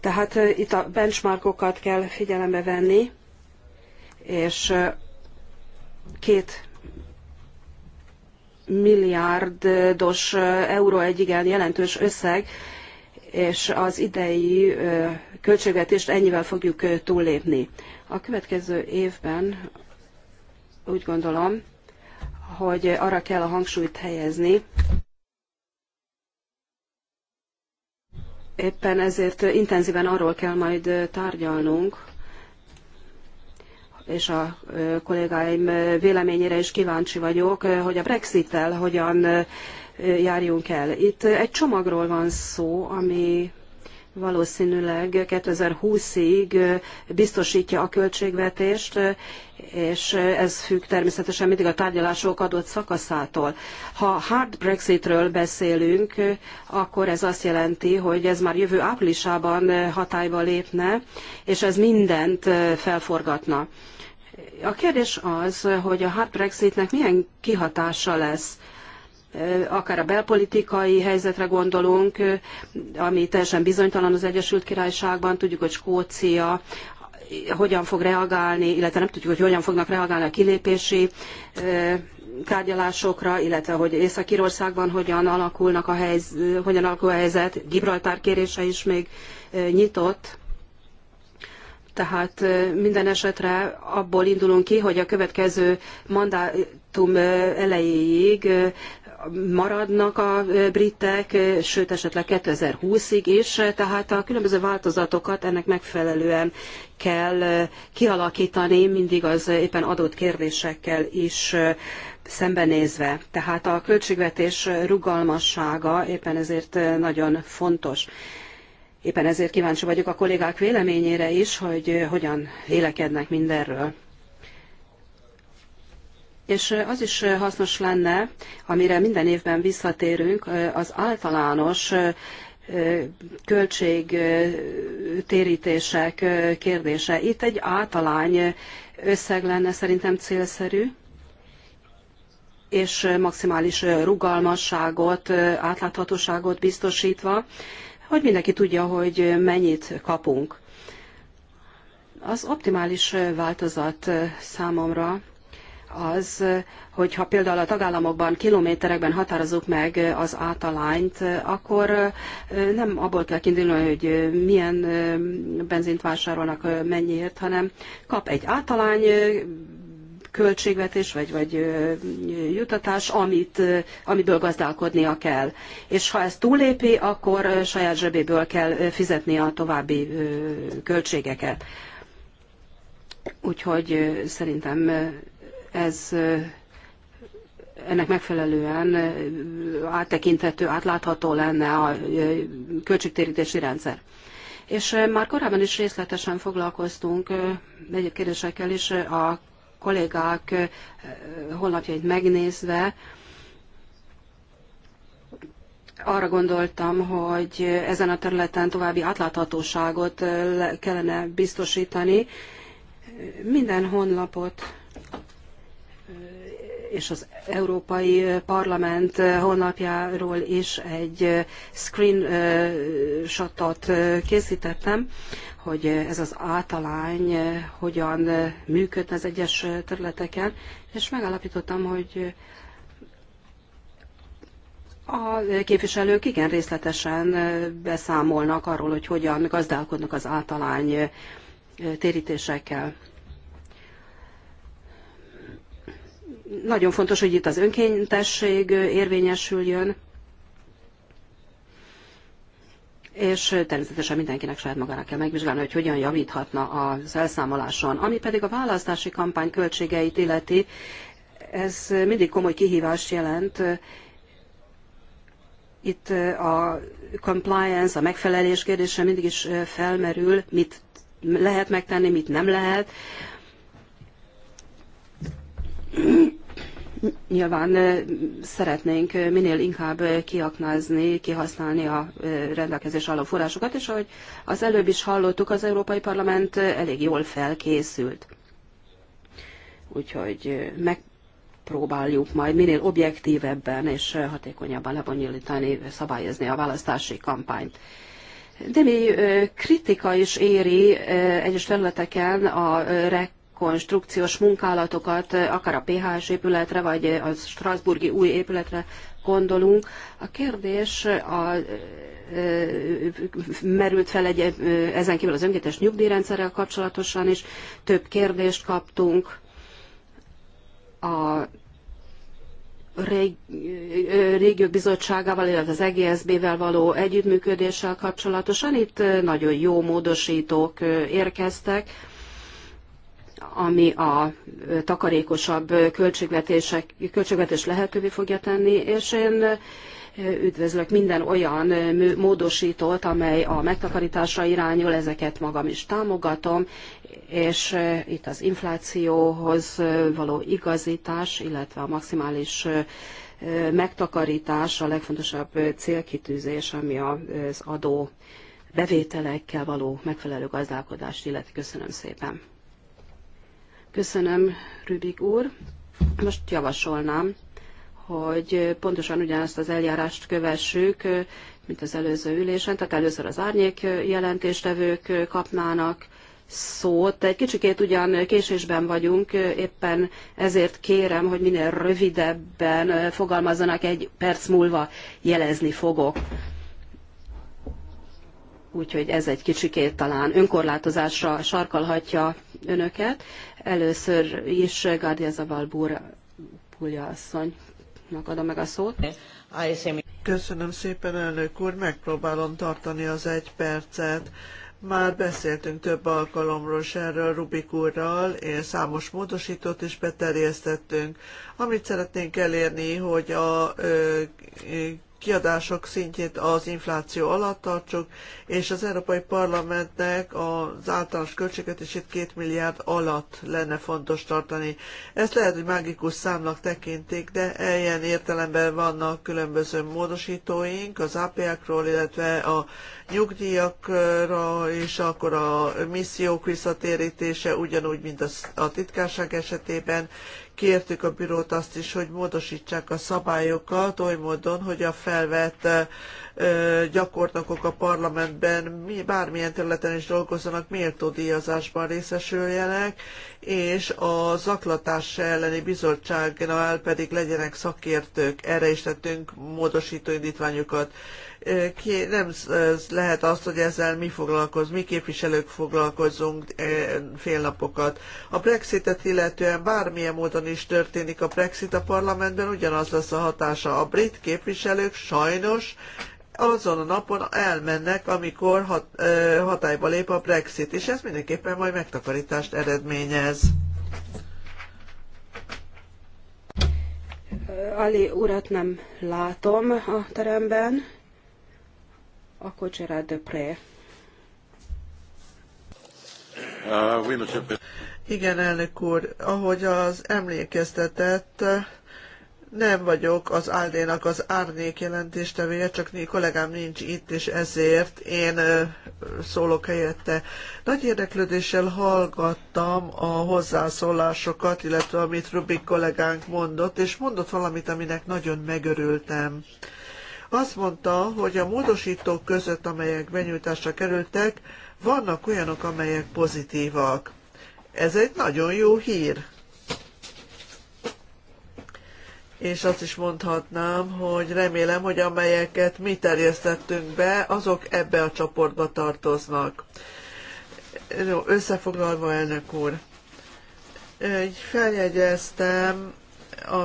Tehát itt a benchmarkokat kell figyelembe venni, és két milliárdos euró egy igen jelentős összeg, és az idei költségvetést ennyivel fogjuk túllépni. A következő évben úgy gondolom, hogy arra kell a hangsúlyt helyezni. Éppen ezért intenzíven arról kell majd tárgyalnunk, és a kollégáim véleményére is kíváncsi vagyok, hogy a Brexit-tel hogyan járjunk el. Itt egy csomagról van szó, ami valószínűleg 2020-ig biztosítja a költségvetést, és ez függ természetesen mindig a tárgyalások adott szakaszától. Ha hard Brexitről beszélünk, akkor ez azt jelenti, hogy ez már jövő áprilisában hatályba lépne, és ez mindent felforgatna. A kérdés az, hogy a hard Brexitnek milyen kihatása lesz akár a belpolitikai helyzetre gondolunk, ami teljesen bizonytalan az Egyesült Királyságban, tudjuk, hogy Skócia hogyan fog reagálni, illetve nem tudjuk, hogy hogyan fognak reagálni a kilépési tárgyalásokra, illetve hogy Észak-Írországban hogyan, alakulnak a helyz, hogyan alakul a helyzet, Gibraltár kérése is még nyitott. Tehát minden esetre abból indulunk ki, hogy a következő mandátum elejéig maradnak a britek, sőt esetleg 2020-ig is, tehát a különböző változatokat ennek megfelelően kell kialakítani, mindig az éppen adott kérdésekkel is szembenézve. Tehát a költségvetés rugalmassága éppen ezért nagyon fontos. Éppen ezért kíváncsi vagyok a kollégák véleményére is, hogy hogyan vélekednek mindenről. És az is hasznos lenne, amire minden évben visszatérünk, az általános költségtérítések kérdése. Itt egy általány összeg lenne szerintem célszerű, és maximális rugalmasságot, átláthatóságot biztosítva, hogy mindenki tudja, hogy mennyit kapunk. Az optimális változat számomra az, hogyha például a tagállamokban kilométerekben határozunk meg az átalányt, akkor nem abból kell kiindulni, hogy milyen benzint vásárolnak mennyiért, hanem kap egy átalány költségvetés vagy, vagy jutatás, amit, amiből gazdálkodnia kell. És ha ez túlépi, akkor saját zsebéből kell fizetni a további költségeket. Úgyhogy szerintem ez ennek megfelelően áttekinthető, átlátható lenne a költségtérítési rendszer. És már korábban is részletesen foglalkoztunk egyéb kérdésekkel is a kollégák honlapjait megnézve, arra gondoltam, hogy ezen a területen további átláthatóságot kellene biztosítani. Minden honlapot és az Európai Parlament honlapjáról is egy screenshotot készítettem, hogy ez az általány hogyan működne az egyes területeken, és megállapítottam, hogy a képviselők igen részletesen beszámolnak arról, hogy hogyan gazdálkodnak az általány térítésekkel. Nagyon fontos, hogy itt az önkéntesség érvényesüljön, és természetesen mindenkinek saját magának kell megvizsgálni, hogy hogyan javíthatna az elszámoláson. Ami pedig a választási kampány költségeit illeti, ez mindig komoly kihívást jelent. Itt a compliance, a megfelelés kérdése mindig is felmerül, mit lehet megtenni, mit nem lehet. Nyilván szeretnénk minél inkább kiaknázni, kihasználni a rendelkezés álló forrásokat, és ahogy az előbb is hallottuk, az Európai Parlament elég jól felkészült. Úgyhogy megpróbáljuk majd minél objektívebben és hatékonyabban lebonyolítani, szabályozni a választási kampányt. De mi kritika is éri egyes területeken a REC konstrukciós munkálatokat, akár a PHS épületre, vagy a Strasburgi új épületre gondolunk. A kérdés a, merült fel egy, ezen kívül az önkéntes nyugdíjrendszerrel kapcsolatosan is. Több kérdést kaptunk a régiók bizottságával, illetve az EGSB-vel való együttműködéssel kapcsolatosan. Itt nagyon jó módosítók érkeztek ami a takarékosabb költségvetések, költségvetés lehetővé fogja tenni, és én üdvözlök minden olyan módosítót, amely a megtakarításra irányul, ezeket magam is támogatom, és itt az inflációhoz való igazítás, illetve a maximális megtakarítás a legfontosabb célkitűzés, ami az adó bevételekkel való megfelelő gazdálkodást illeti. Köszönöm szépen. Köszönöm, Rübik úr. Most javasolnám, hogy pontosan ugyanazt az eljárást kövessük, mint az előző ülésen, tehát először az árnyék jelentéstevők kapnának szót. Egy kicsikét ugyan késésben vagyunk, éppen ezért kérem, hogy minél rövidebben fogalmazzanak, egy perc múlva jelezni fogok. Úgyhogy ez egy kicsikét talán önkorlátozásra sarkalhatja önöket. Először is Gárdia Zaval Pulja asszonynak adom meg a szót. Köszönöm szépen, elnök úr, megpróbálom tartani az egy percet. Már beszéltünk több alkalomról is erről Rubik úrral, és számos módosítót is beterjesztettünk. Amit szeretnénk elérni, hogy a ö, kiadások szintjét az infláció alatt tartsuk, és az Európai Parlamentnek az általános költségvetését 2 milliárd alatt lenne fontos tartani. Ezt lehet, hogy mágikus számnak tekintik, de ilyen értelemben vannak különböző módosítóink az APA-król, illetve a nyugdíjakra, és akkor a missziók visszatérítése ugyanúgy, mint a titkárság esetében, kértük a bírót azt is, hogy módosítsák a szabályokat oly módon, hogy a felvett gyakornokok a parlamentben bármilyen területen is dolgozzanak, méltó díjazásban részesüljenek, és a zaklatás elleni bizottságnál pedig legyenek szakértők. Erre is tettünk módosító indítványokat ki, nem lehet azt, hogy ezzel mi foglalkozunk, mi képviselők foglalkozunk fél napokat. A Brexitet illetően bármilyen módon is történik a Brexit a parlamentben, ugyanaz lesz a hatása. A brit képviselők sajnos azon a napon elmennek, amikor hat, ö, hatályba lép a Brexit, és ez mindenképpen majd megtakarítást eredményez. Ali urat nem látom a teremben. Akkor Gerard Depré. Igen, elnök úr, ahogy az emlékeztetett, nem vagyok az Aldénak az árnék jelentéstevője, csak mi kollégám nincs itt, és ezért én szólok helyette. Nagy érdeklődéssel hallgattam a hozzászólásokat, illetve amit Rubik kollégánk mondott, és mondott valamit, aminek nagyon megörültem. Azt mondta, hogy a módosítók között, amelyek benyújtásra kerültek, vannak olyanok, amelyek pozitívak. Ez egy nagyon jó hír. És azt is mondhatnám, hogy remélem, hogy amelyeket mi terjesztettünk be, azok ebbe a csoportba tartoznak. Jó, összefoglalva, elnök úr. Így feljegyeztem a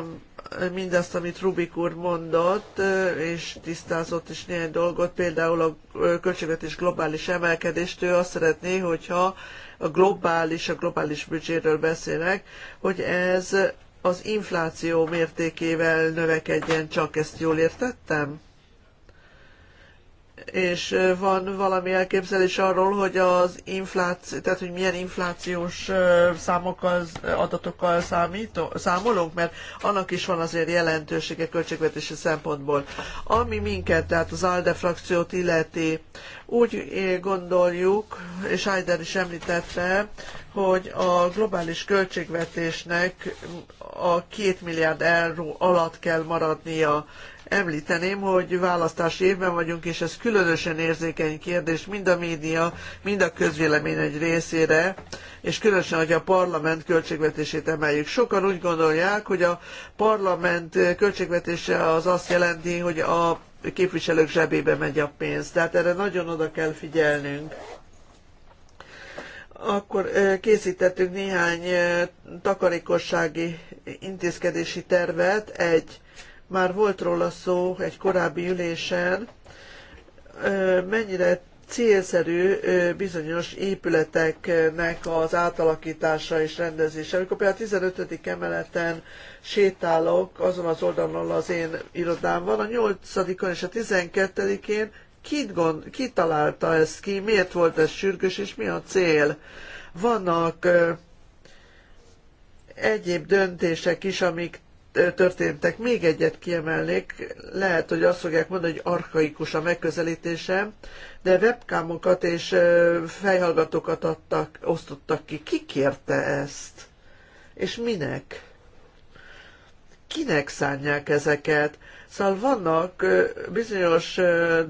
mindazt, amit Rubik úr mondott, és tisztázott is néhány dolgot, például a költségvetés globális emelkedést, ő azt szeretné, hogyha a globális, a globális büdzséről beszélek, hogy ez az infláció mértékével növekedjen, csak ezt jól értettem? és van valami elképzelés arról, hogy az infláció, tehát hogy milyen inflációs számokkal, adatokkal számít, számolunk, mert annak is van azért jelentősége költségvetési szempontból. Ami minket, tehát az ALDE frakciót illeti, úgy gondoljuk, és Heider is említette, hogy a globális költségvetésnek a két milliárd euró alatt kell maradnia említeném, hogy választási évben vagyunk, és ez különösen érzékeny kérdés mind a média, mind a közvélemény egy részére, és különösen, hogy a parlament költségvetését emeljük. Sokan úgy gondolják, hogy a parlament költségvetése az azt jelenti, hogy a képviselők zsebébe megy a pénz. Tehát erre nagyon oda kell figyelnünk akkor eh, készítettünk néhány eh, takarékossági intézkedési tervet. Egy már volt róla szó egy korábbi ülésen, mennyire célszerű bizonyos épületeknek az átalakítása és rendezése. Amikor például a 15. emeleten sétálok, azon az oldalon az én irodám van, a 8-on és a 12-én kit gond, ki találta ezt ki, miért volt ez sürgős, és mi a cél. Vannak ö, egyéb döntések is, amik történtek. Még egyet kiemelnék, lehet, hogy azt fogják mondani, hogy arkaikus a megközelítése, de webkámokat és fejhallgatókat adtak, osztottak ki. Ki kérte ezt? És minek? Kinek szánják ezeket? Szóval vannak bizonyos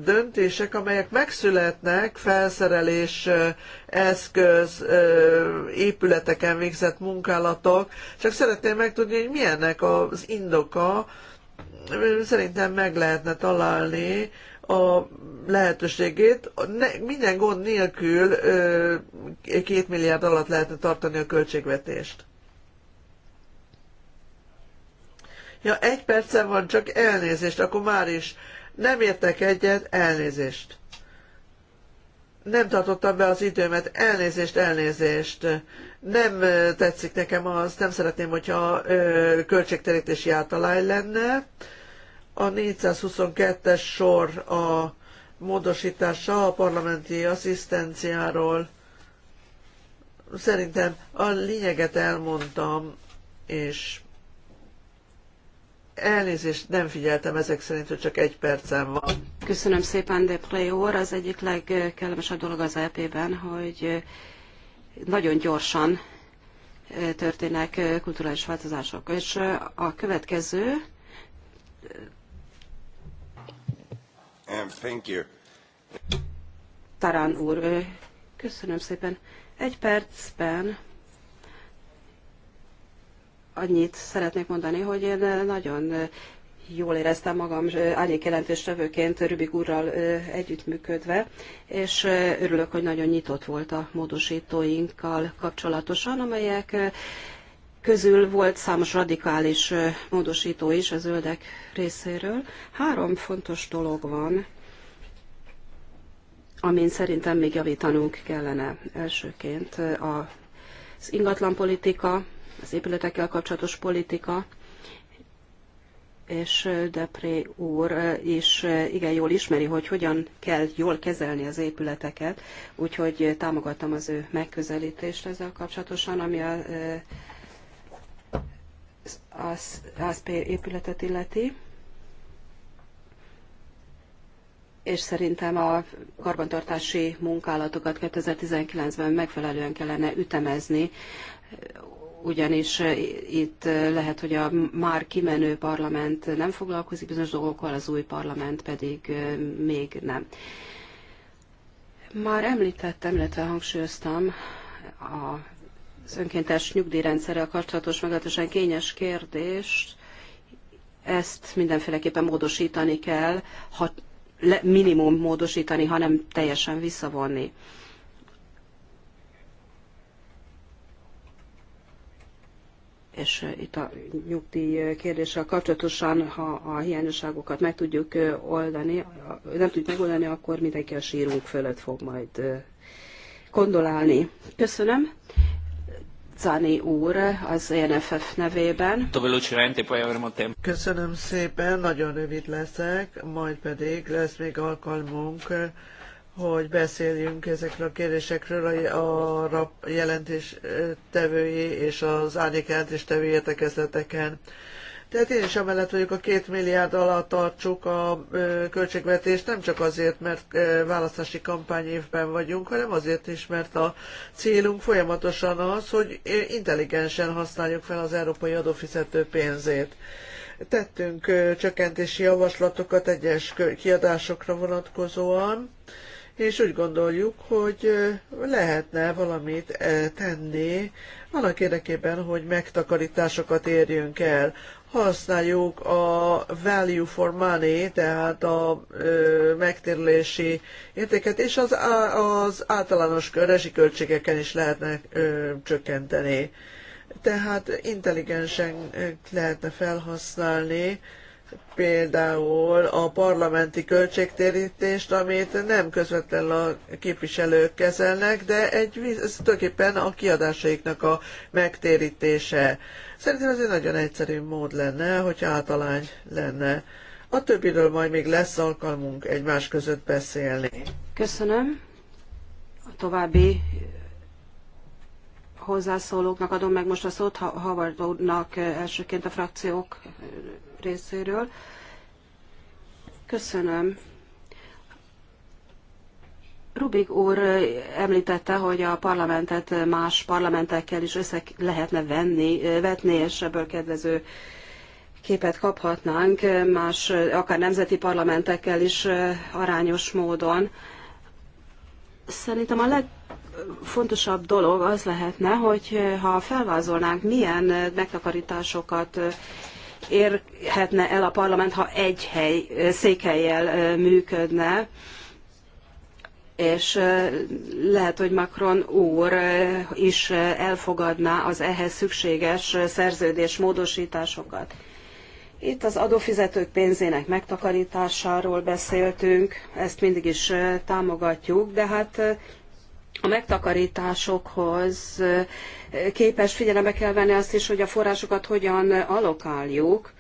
döntések, amelyek megszületnek felszerelés, eszköz, épületeken végzett munkálatok, csak szeretném megtudni, hogy milyennek az indoka, szerintem meg lehetne találni a lehetőségét. minden gond nélkül két milliárd alatt lehetne tartani a költségvetést. Ja, egy perce van, csak elnézést, akkor már is. Nem értek egyet, elnézést. Nem tartottam be az időmet, elnézést, elnézést. Nem tetszik nekem az, nem szeretném, hogyha ö, költségterítési általány lenne. A 422-es sor a módosítása a parlamenti asszisztenciáról. Szerintem a lényeget elmondtam, és Elnézést, nem figyeltem ezek szerint, hogy csak egy percem van. Köszönöm szépen, de Play úr, az egyik legkellemesebb dolog az EP-ben, hogy nagyon gyorsan e, történnek e, kulturális változások. És e, a következő... Um, thank you. Tarán úr, köszönöm szépen. Egy percben annyit szeretnék mondani, hogy én nagyon jól éreztem magam árnyékjelentéstevőként Rubik úrral együttműködve, és örülök, hogy nagyon nyitott volt a módosítóinkkal kapcsolatosan, amelyek közül volt számos radikális módosító is a zöldek részéről. Három fontos dolog van, amin szerintem még javítanunk kellene elsőként az ingatlanpolitika, az épületekkel kapcsolatos politika, és Depré úr is igen jól ismeri, hogy hogyan kell jól kezelni az épületeket, úgyhogy támogattam az ő megközelítést ezzel kapcsolatosan, ami a, az ASP épületet illeti. és szerintem a karbantartási munkálatokat 2019-ben megfelelően kellene ütemezni, ugyanis eh, itt eh, lehet, hogy a már kimenő parlament nem foglalkozik bizonyos dolgokkal, az új parlament pedig eh, még nem. Már említettem, illetve hangsúlyoztam az önkéntes nyugdíjrendszerrel kapcsolatos meglehetősen kényes kérdést. Ezt mindenféleképpen módosítani kell, ha minimum módosítani, hanem teljesen visszavonni. és itt a nyugdíj kérdéssel kapcsolatosan, ha a hiányosságokat meg tudjuk oldani, nem tudjuk megoldani, akkor mindenki a sírunk fölött fog majd gondolálni. Köszönöm. Zani úr az ENFF nevében. Köszönöm szépen, nagyon rövid leszek, majd pedig lesz még alkalmunk hogy beszéljünk ezekről a kérdésekről a, a jelentéstevői és az árnyék jelentéstevői értekezleteken. Tehát én is amellett vagyok, a két milliárd alatt tartsuk a ö, költségvetést, nem csak azért, mert ö, választási évben vagyunk, hanem azért is, mert a célunk folyamatosan az, hogy intelligensen használjuk fel az európai adófizető pénzét. Tettünk ö, csökkentési javaslatokat egyes kiadásokra vonatkozóan, ö, és úgy gondoljuk, hogy lehetne valamit tenni annak érdekében, hogy megtakarításokat érjünk el. Használjuk a value for money, tehát a ö, megtérülési értéket, és az, az általános költségeken is lehetne ö, csökkenteni. Tehát intelligensen lehetne felhasználni, például a parlamenti költségtérítést, amit nem közvetlenül a képviselők kezelnek, de egy, ez tulajdonképpen a kiadásaiknak a megtérítése. Szerintem ez egy nagyon egyszerű mód lenne, hogy általány lenne. A többiről majd még lesz alkalmunk egymás között beszélni. Köszönöm. A további hozzászólóknak adom meg most a szót, Havard úrnak eh, elsőként a frakciók eh, részéről. Köszönöm. Rubik úr említette, hogy a parlamentet más parlamentekkel is össze lehetne venni, vetni, és ebből kedvező képet kaphatnánk, más, akár nemzeti parlamentekkel is arányos módon. Szerintem a legfontosabb dolog az lehetne, hogy ha felvázolnánk, milyen megtakarításokat érhetne el a parlament, ha egy hely, székhelyjel működne. És lehet, hogy Macron úr is elfogadná az ehhez szükséges szerződés módosításokat. Itt az adófizetők pénzének megtakarításáról beszéltünk, ezt mindig is támogatjuk, de hát a megtakarításokhoz eh, képes figyelembe kell venni azt is, hogy a forrásokat hogyan alokáljuk.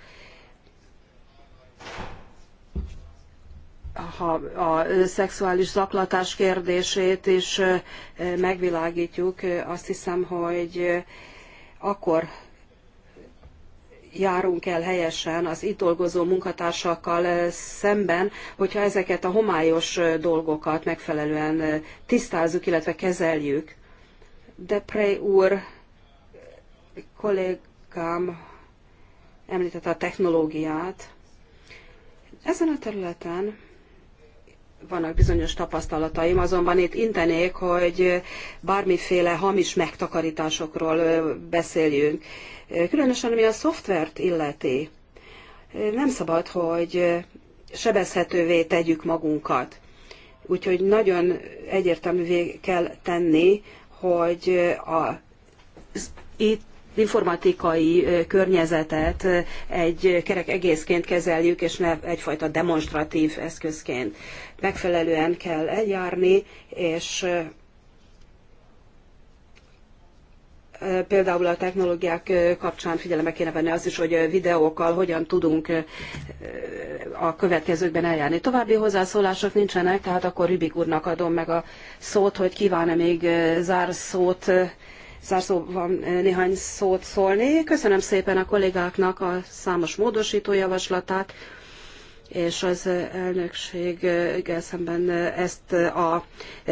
Ha a szexuális zaklatás kérdését is eh, megvilágítjuk, eh, azt hiszem, hogy akkor járunk el helyesen az itt dolgozó munkatársakkal eh, szemben, hogyha ezeket a homályos eh, dolgokat megfelelően eh, tisztázzuk, illetve kezeljük. De Prey úr kollégám említette a technológiát. Ezen a területen vannak bizonyos tapasztalataim, azonban itt intenék, hogy bármiféle hamis megtakarításokról beszéljünk. Különösen ami a szoftvert illeti, nem szabad, hogy sebezhetővé tegyük magunkat. Úgyhogy nagyon egyértelművé kell tenni, hogy a itt informatikai környezetet egy kerek egészként kezeljük, és ne egyfajta demonstratív eszközként. Megfelelően kell eljárni, és például a technológiák kapcsán figyelembe kéne venni azt is, hogy videókkal hogyan tudunk a következőkben eljárni. További hozzászólások nincsenek, tehát akkor Rübik úrnak adom meg a szót, hogy kíván-e még zárszót zárszóban néhány szót szólni. Köszönöm szépen a kollégáknak a számos módosító javaslatát és az elnökséggel szemben ezt a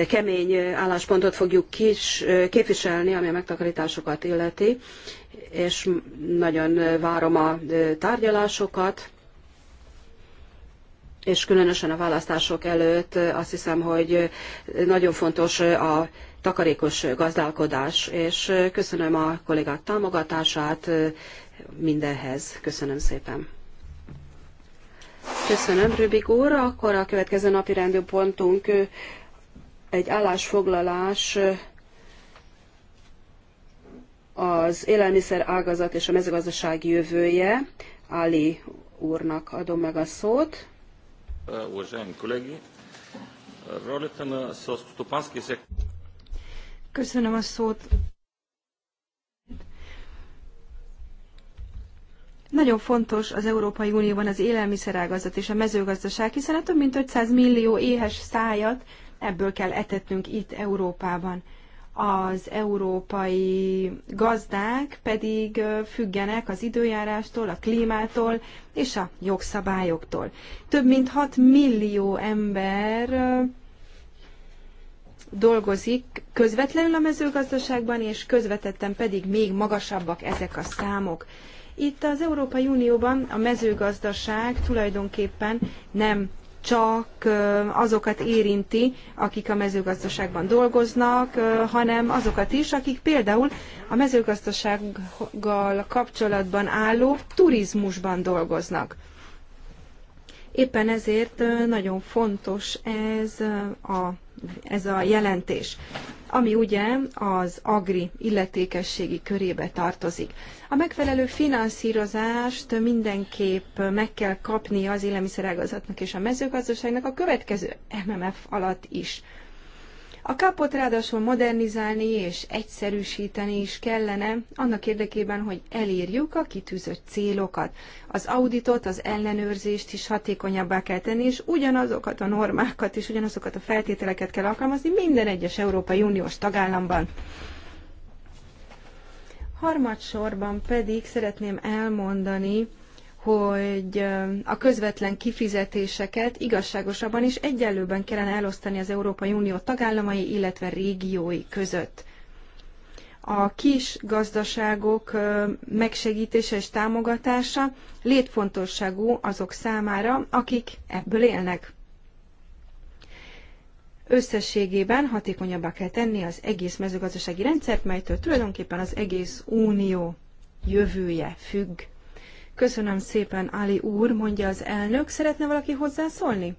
kemény álláspontot fogjuk kis, képviselni, ami a megtakarításokat illeti, és nagyon várom a tárgyalásokat, és különösen a választások előtt azt hiszem, hogy nagyon fontos a takarékos gazdálkodás, és köszönöm a kollégák támogatását mindenhez. Köszönöm szépen. Köszönöm, Rübik úr. Akkor a következő napi rendő pontunk egy állásfoglalás az élelmiszer ágazat és a mezőgazdaság jövője. Ali úrnak adom meg a szót. Köszönöm a szót. Nagyon fontos az Európai Unióban az élelmiszerágazat és a mezőgazdaság, hiszen a több mint 500 millió éhes szájat ebből kell etetnünk itt Európában. Az európai gazdák pedig függenek az időjárástól, a klímától és a jogszabályoktól. Több mint 6 millió ember dolgozik közvetlenül a mezőgazdaságban, és közvetetten pedig még magasabbak ezek a számok. Itt az Európai Unióban a mezőgazdaság tulajdonképpen nem csak azokat érinti, akik a mezőgazdaságban dolgoznak, hanem azokat is, akik például a mezőgazdasággal kapcsolatban álló turizmusban dolgoznak. Éppen ezért nagyon fontos ez a, ez a jelentés ami ugye az agri illetékességi körébe tartozik. A megfelelő finanszírozást mindenképp meg kell kapnia az élelmiszerágazatnak és a mezőgazdaságnak a következő MMF alatt is. A kápot ráadásul modernizálni és egyszerűsíteni is kellene, annak érdekében, hogy elérjük a kitűzött célokat. Az auditot, az ellenőrzést is hatékonyabbá kell tenni, és ugyanazokat a normákat és ugyanazokat a feltételeket kell alkalmazni minden egyes Európai Uniós tagállamban. Harmadsorban pedig szeretném elmondani, hogy a közvetlen kifizetéseket igazságosabban és egyenlőben kellene elosztani az Európai Unió tagállamai, illetve régiói között. A kis gazdaságok megsegítése és támogatása létfontosságú azok számára, akik ebből élnek. Összességében hatékonyabbá kell tenni az egész mezőgazdasági rendszert, melytől tulajdonképpen az egész unió jövője függ. Köszönöm szépen, Ali úr, mondja az elnök. Szeretne valaki hozzászólni?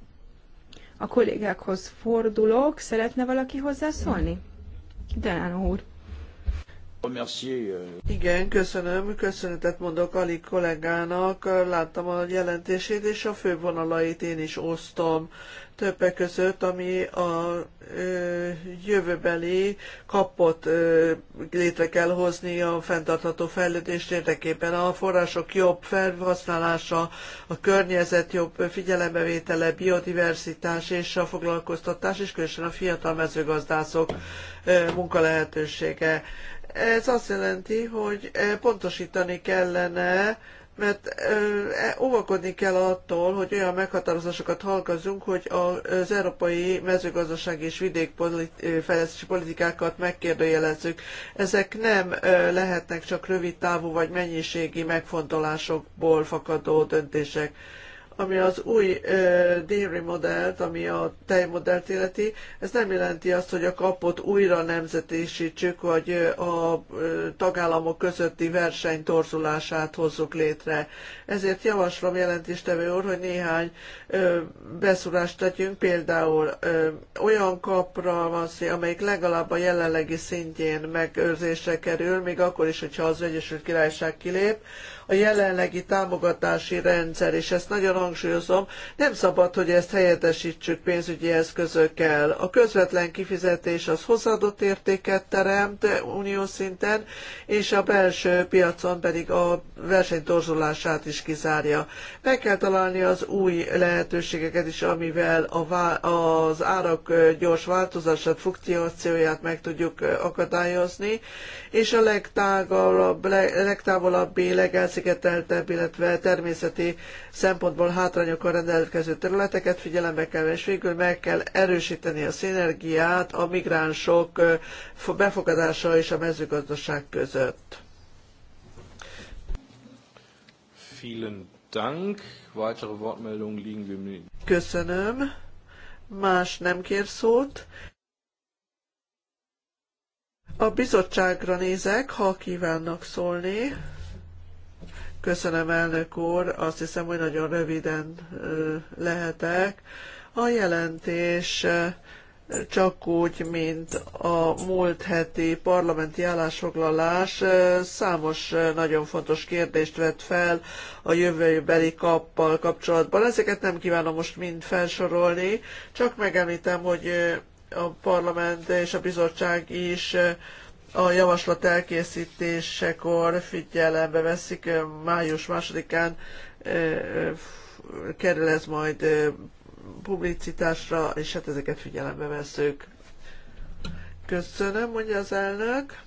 A kollégákhoz fordulok. Szeretne valaki hozzászólni? Delán úr. Euh, Igen, köszönöm. Köszönetet mondok Ali kollégának. Láttam a jelentését, és a fő vonalait én is osztom. Többek között, ami a ö, jövőbeli kapot ö, létre kell hozni a fenntartható fejlődés érdekében. A források jobb felhasználása, a környezet jobb figyelembevétele, biodiverzitás és a foglalkoztatás, és különösen a fiatal mezőgazdászok ö, munkalehetősége. Ez azt jelenti, hogy eh, pontosítani kellene, mert eh, eh, óvakodni kell attól, hogy olyan meghatározásokat hallgassunk, hogy az európai mezőgazdaság és vidékfejlesztési politikákat megkérdőjelezzük. Ezek nem lehetnek csak rövid távú vagy mennyiségi megfontolásokból fakadó döntések ami az új uh, dairy modellt, ami a tejmodellt illeti, ez nem jelenti azt, hogy a kapot újra nemzetésítsük, vagy a uh, tagállamok közötti verseny torzulását hozzuk létre. Ezért javaslom jelentéstevő úr, hogy néhány uh, beszúrást tegyünk, például uh, olyan kapra van szó, amelyik legalább a jelenlegi szintjén megőrzésre kerül, még akkor is, hogyha az Egyesült Királyság kilép, a jelenlegi támogatási rendszer, és ezt nagyon hangsúlyozom, nem szabad, hogy ezt helyettesítsük pénzügyi eszközökkel. A közvetlen kifizetés az hozzáadott értéket teremt uniós szinten, és a belső piacon pedig a verseny torzulását is kizárja. Meg kell találni az új lehetőségeket is, amivel az árak gyors változását, fluktuációját meg tudjuk akadályozni, és a legtágabb, legtávolabbi, legelszig elszigeteltebb, illetve természeti szempontból hátrányokkal rendelkező területeket figyelembe kell, és végül meg kell erősíteni a szinergiát a migránsok befogadása és a mezőgazdaság között. Vielen Dank. Weitere Wortmeldungen liegen wir mit. Köszönöm. Más nem kér szót. A bizottságra nézek, ha kívánnak szólni. Köszönöm, elnök úr. Azt hiszem, hogy nagyon röviden lehetek. A jelentés csak úgy, mint a múlt heti parlamenti állásfoglalás számos nagyon fontos kérdést vett fel a jövőbeli kappal kapcsolatban. Ezeket nem kívánom most mind felsorolni, csak megemlítem, hogy a parlament és a bizottság is a javaslat elkészítésekor figyelembe veszik, május másodikán kerül ez majd publicitásra, és hát ezeket figyelembe veszük. Köszönöm, mondja az elnök.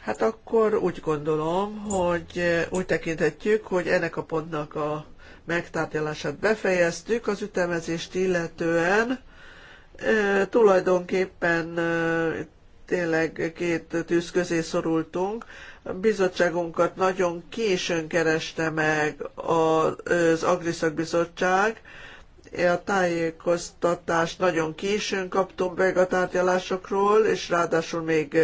Hát akkor úgy gondolom, hogy úgy tekinthetjük, hogy ennek a pontnak a megtárgyalását befejeztük az ütemezést illetően tulajdonképpen tényleg két tűz közé szorultunk. A bizottságunkat nagyon későn kereste meg az Agriszak Bizottság, a tájékoztatást nagyon későn kaptunk meg a tárgyalásokról, és ráadásul még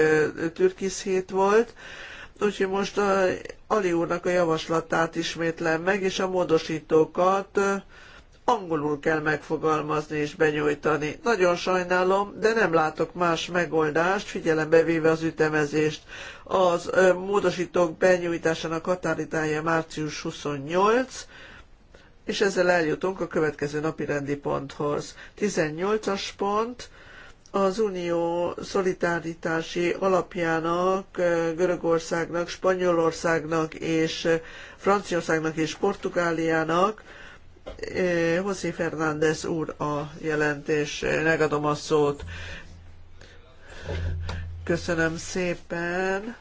türkisz hét volt, úgyhogy most a Ali úrnak a javaslatát ismétlem meg, és a módosítókat angolul kell megfogalmazni és benyújtani. Nagyon sajnálom, de nem látok más megoldást, figyelembe véve az ütemezést. Az módosítók benyújtásának határidája március 28, és ezzel eljutunk a következő napi rendi ponthoz. 18-as pont, az Unió szolidaritási alapjának, Görögországnak, Spanyolországnak és Franciaországnak és Portugáliának Eh, José Fernández úr a jelentés, megadom a szót. Köszönöm szépen.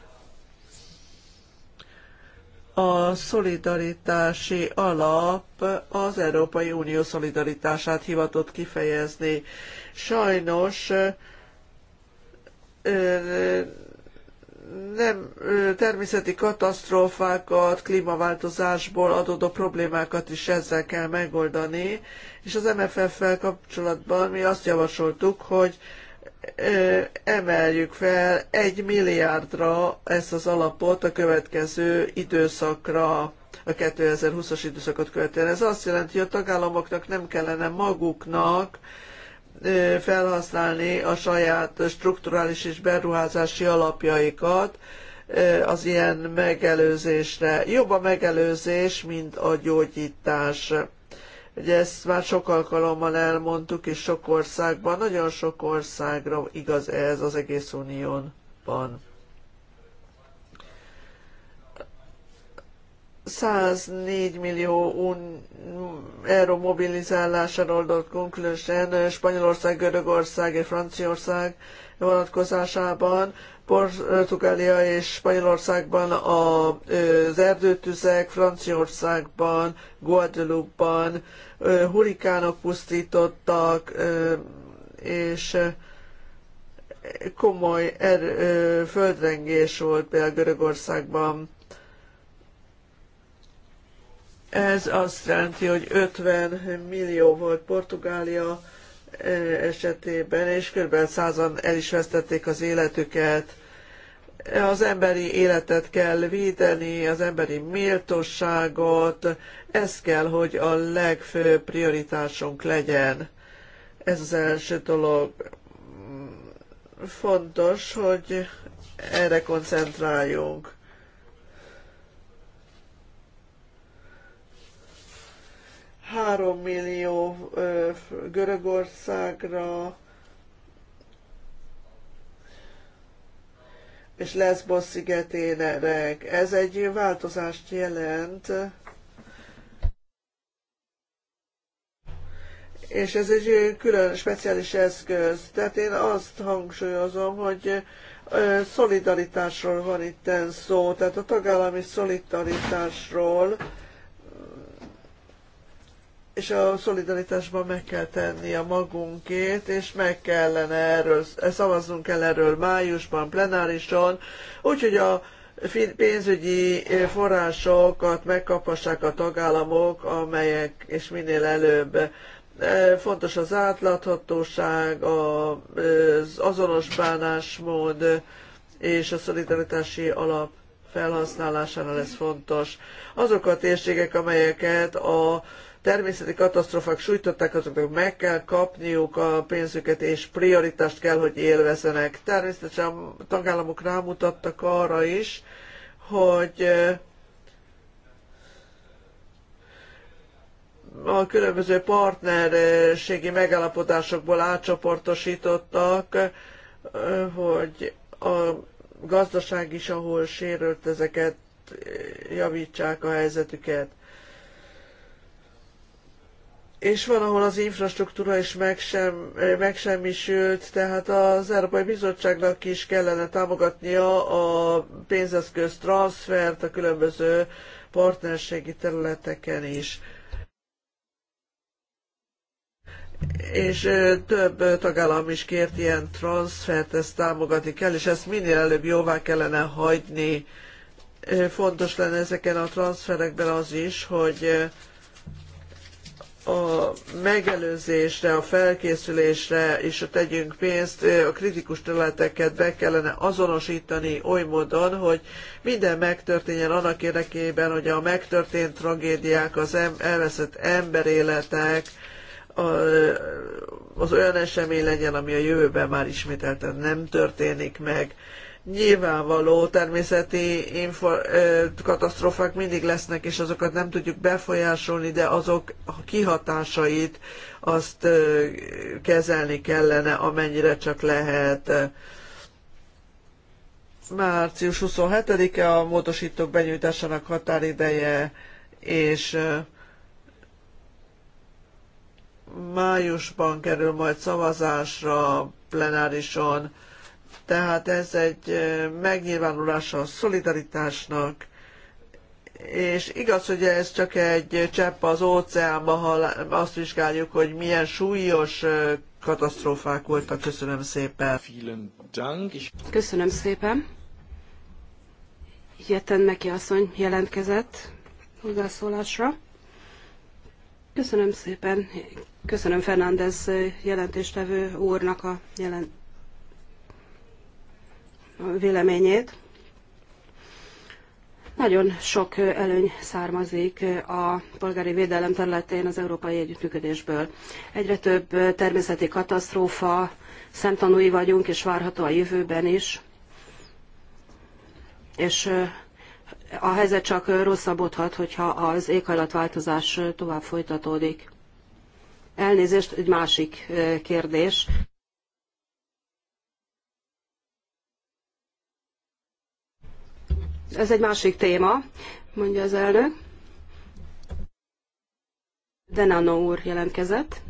A szolidaritási alap az Európai Unió szolidaritását hivatott kifejezni. Sajnos eh, nem természeti katasztrófákat, klímaváltozásból adódó problémákat is ezzel kell megoldani, és az MFF-fel kapcsolatban mi azt javasoltuk, hogy emeljük fel egy milliárdra ezt az alapot a következő időszakra, a 2020-as időszakot követően. Ez azt jelenti, hogy a tagállamoknak nem kellene maguknak felhasználni a saját strukturális és beruházási alapjaikat az ilyen megelőzésre. Jobb a megelőzés, mint a gyógyítás. Ugye ezt már sok alkalommal elmondtuk, és sok országban, nagyon sok országra igaz ez az egész uniónban. 104 millió un, euró mobilizálásán oldottunk, különösen Spanyolország, Görögország és Franciaország vonatkozásában, Portugália és Spanyolországban az erdőtüzek, Franciaországban, Guadeloupe-ban hurikánok pusztítottak, és komoly er, földrengés volt például Görögországban ez azt jelenti, hogy 50 millió volt Portugália e, esetében, és kb. százan el is vesztették az életüket. Az emberi életet kell védeni, az emberi méltóságot, ez kell, hogy a legfőbb prioritásunk legyen. Ez az első dolog. Fontos, hogy erre koncentráljunk. 3 millió Görögországra, és Lesbos szigetére. Ez egy változást jelent, és ez egy külön speciális eszköz. Tehát én azt hangsúlyozom, hogy szolidaritásról van itt szó, tehát a tagállami szolidaritásról, és a szolidaritásban meg kell tenni a magunkét, és meg kellene erről, szavazzunk kell erről májusban, plenárison, úgyhogy a pénzügyi eh, forrásokat megkapassák a tagállamok, amelyek, és minél előbb eh, fontos az átláthatóság, eh, az azonos bánásmód és a szolidaritási alap felhasználására lesz fontos. Azok a térségek, amelyeket a természeti katasztrófák sújtották, azoknak meg kell kapniuk a pénzüket, és prioritást kell, hogy élvezenek. Természetesen a tagállamok rámutattak arra is, hogy eh, a különböző partnerségi megállapodásokból átcsoportosítottak, eh, hogy a gazdaság is, ahol sérült ezeket, eh, javítsák a helyzetüket és van, ahol az infrastruktúra is megsem, eh, megsemmisült, tehát az Európai Bizottságnak is kellene támogatnia a pénzeszköz transfert a különböző partnerségi területeken is. És eh, több tagállam is kért ilyen transfert, ezt támogatni kell, és ezt minél előbb jóvá kellene hagyni. Eh, fontos lenne ezeken a transferekben az is, hogy a megelőzésre, a felkészülésre is tegyünk pénzt, a kritikus területeket be kellene azonosítani oly módon, hogy minden megtörténjen annak érdekében, hogy a megtörtént tragédiák, az elveszett emberéletek, a az olyan esemény legyen, ami a jövőben már ismételten nem történik meg. Nyilvánvaló természeti info- katasztrófák mindig lesznek, és azokat nem tudjuk befolyásolni, de azok kihatásait azt kezelni kellene, amennyire csak lehet március 27-e a módosítók benyújtásának határideje, és májusban kerül majd szavazásra plenárison, tehát ez egy megnyilvánulása a szolidaritásnak, és igaz, hogy ez csak egy csepp az óceánba, ha azt vizsgáljuk, hogy milyen súlyos katasztrófák voltak. Köszönöm szépen. Köszönöm szépen. Jeten neki asszony jelentkezett hozzászólásra. Köszönöm szépen. Köszönöm Fernández jelentéstevő úrnak a, jelen... a véleményét. Nagyon sok előny származik a polgári védelem területén az európai együttműködésből. Egyre több természeti katasztrófa szemtanúi vagyunk, és várható a jövőben is. És a helyzet csak rosszabbodhat, hogyha az éghajlatváltozás tovább folytatódik. Elnézést, egy másik kérdés. Ez egy másik téma, mondja az elnök. Denano úr jelentkezett.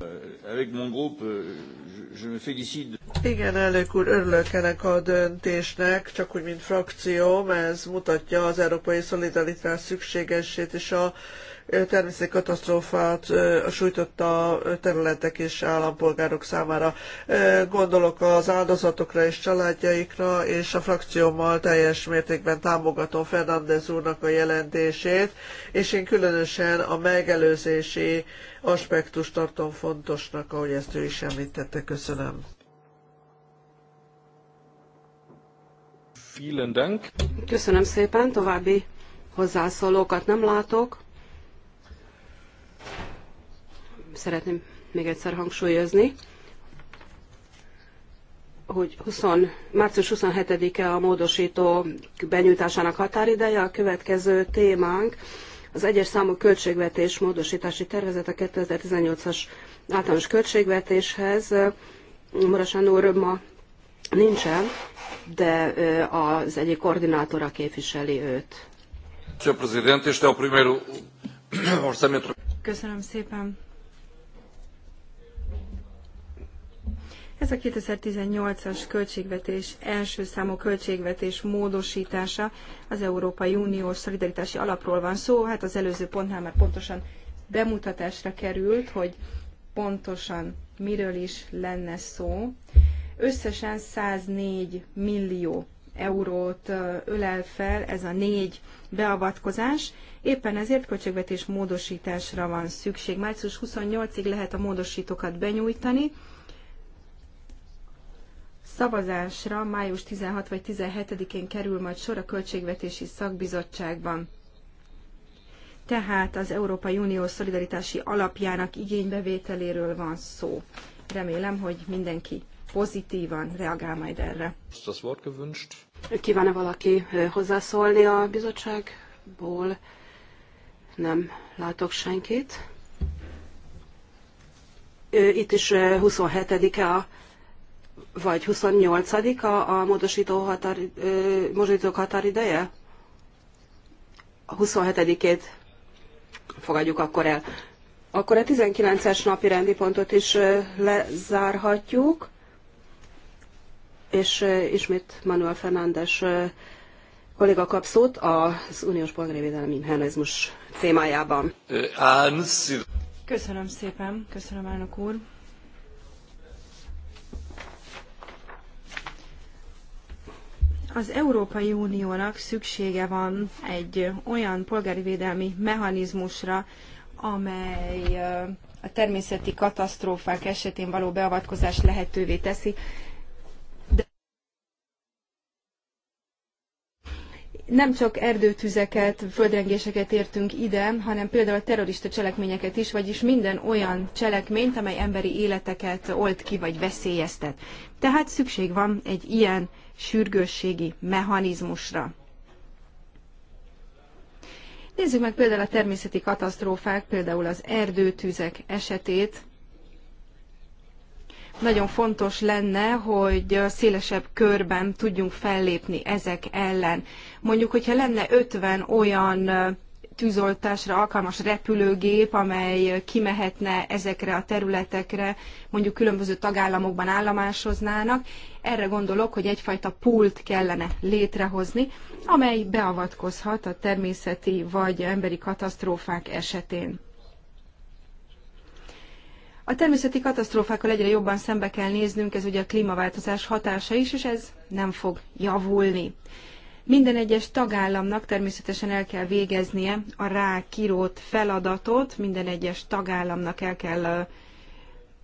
Avec mon groupe, euh, igen, elnök úr, örülök ennek a döntésnek, csak úgy, mint frakcióm, ez mutatja az európai szolidaritás szükségesét és a természeti katasztrófát sújtotta területek és állampolgárok számára. Gondolok az áldozatokra és családjaikra, és a frakciómmal teljes mértékben támogatom Fernández úrnak a jelentését, és én különösen a megelőzési aspektust tartom fontosnak, ahogy ezt ő is említette. Köszönöm. Vielen Dank. Köszönöm szépen, további hozzászólókat nem látok. Szeretném még egyszer hangsúlyozni, hogy 20, március 27-e a módosító benyújtásának határideje, a következő témánk az egyes számú költségvetés módosítási tervezet a 2018-as általános költségvetéshez. Marasan úr ma nincsen, de az egyik koordinátora képviseli őt. Köszönöm szépen. Ez a 2018-as költségvetés első számú költségvetés módosítása az Európai Uniós Szolidaritási Alapról van szó. Hát az előző pontnál már pontosan bemutatásra került, hogy pontosan miről is lenne szó. Összesen 104 millió eurót ölel fel ez a négy beavatkozás. Éppen ezért költségvetés módosításra van szükség. Március 28-ig lehet a módosítókat benyújtani. Szavazásra május 16 vagy 17-én kerül majd sor a Költségvetési Szakbizottságban tehát az Európai Unió szolidaritási alapjának igénybevételéről van szó. Remélem, hogy mindenki pozitívan reagál majd erre. Das -e valaki hozzászólni a bizottságból? Nem látok senkit. Itt is 27-e a vagy 28-a a módosító határ, határideje? A 27-ét fogadjuk akkor el. Akkor a 19-es napi rendi pontot is lezárhatjuk, és ismét Manuel Fernández kolléga kap szót az uniós polgári védelmi mechanizmus témájában. Köszönöm szépen, köszönöm elnök úr. Az Európai Uniónak szüksége van egy olyan polgári védelmi mechanizmusra, amely a természeti katasztrófák esetén való beavatkozást lehetővé teszi. De nem csak erdőtüzeket, földrengéseket értünk ide, hanem például a terrorista cselekményeket is, vagyis minden olyan cselekményt, amely emberi életeket olt ki vagy veszélyeztet. Tehát szükség van egy ilyen sürgősségi mechanizmusra. Nézzük meg például a természeti katasztrófák, például az erdőtüzek esetét. Nagyon fontos lenne, hogy szélesebb körben tudjunk fellépni ezek ellen. Mondjuk, hogyha lenne 50 olyan tűzoltásra alkalmas repülőgép, amely kimehetne ezekre a területekre, mondjuk különböző tagállamokban állomásoznának. Erre gondolok, hogy egyfajta pult kellene létrehozni, amely beavatkozhat a természeti vagy emberi katasztrófák esetén. A természeti katasztrófákkal egyre jobban szembe kell néznünk, ez ugye a klímaváltozás hatása is, és ez nem fog javulni. Minden egyes tagállamnak természetesen el kell végeznie a rá kirót feladatot, minden egyes tagállamnak el kell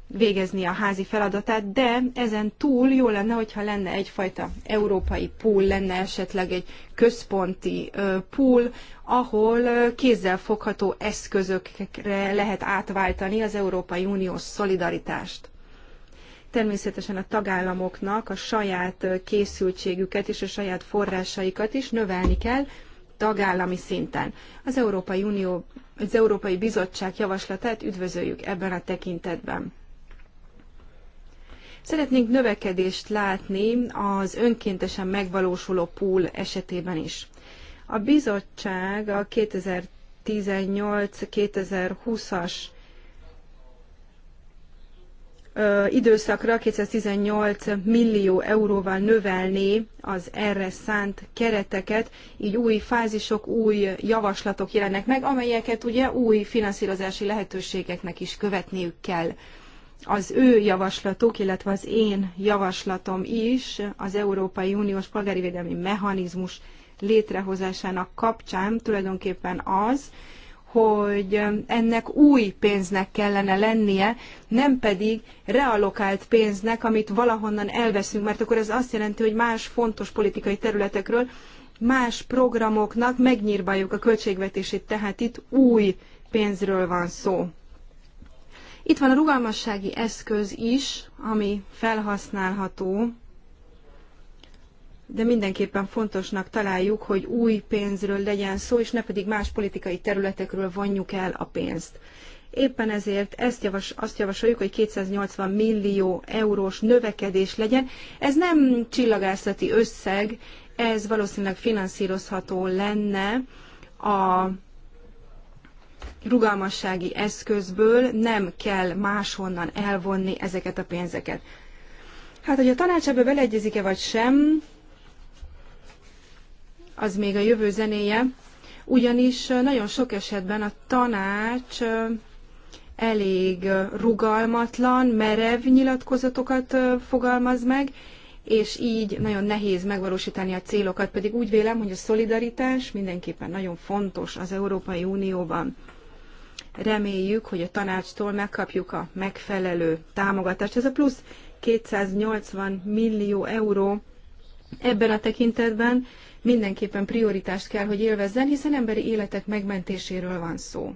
végeznie a házi feladatát, de ezen túl jó lenne, hogyha lenne egyfajta európai pool, lenne esetleg egy központi pool, ahol kézzelfogható eszközökre lehet átváltani az Európai Uniós szolidaritást természetesen a tagállamoknak a saját készültségüket és a saját forrásaikat is növelni kell tagállami szinten. Az Európai Unió, az Európai Bizottság javaslatát üdvözöljük ebben a tekintetben. Szeretnénk növekedést látni az önkéntesen megvalósuló pool esetében is. A bizottság a 2018-2020-as időszakra 218 millió euróval növelni az erre szánt kereteket, így új fázisok, új javaslatok jelennek meg, amelyeket ugye új finanszírozási lehetőségeknek is követniük kell. Az ő javaslatuk, illetve az én javaslatom is az Európai Uniós Polgári Védelmi Mechanizmus létrehozásának kapcsán tulajdonképpen az, hogy ennek új pénznek kellene lennie, nem pedig realokált pénznek, amit valahonnan elveszünk, mert akkor ez azt jelenti, hogy más fontos politikai területekről más programoknak megnyírbáljuk a költségvetését, tehát itt új pénzről van szó. Itt van a rugalmassági eszköz is, ami felhasználható de mindenképpen fontosnak találjuk, hogy új pénzről legyen szó, és ne pedig más politikai területekről vonjuk el a pénzt. Éppen ezért ezt javas, azt javasoljuk, hogy 280 millió eurós növekedés legyen. Ez nem csillagászati összeg, ez valószínűleg finanszírozható lenne a rugalmassági eszközből, nem kell máshonnan elvonni ezeket a pénzeket. Hát, hogy a tanács ebbe beleegyezik-e vagy sem, az még a jövő zenéje, ugyanis nagyon sok esetben a tanács elég rugalmatlan, merev nyilatkozatokat fogalmaz meg, és így nagyon nehéz megvalósítani a célokat, pedig úgy vélem, hogy a szolidaritás mindenképpen nagyon fontos az Európai Unióban. Reméljük, hogy a tanácstól megkapjuk a megfelelő támogatást. Ez a plusz 280 millió euró ebben a tekintetben mindenképpen prioritást kell, hogy élvezzen, hiszen emberi életek megmentéséről van szó.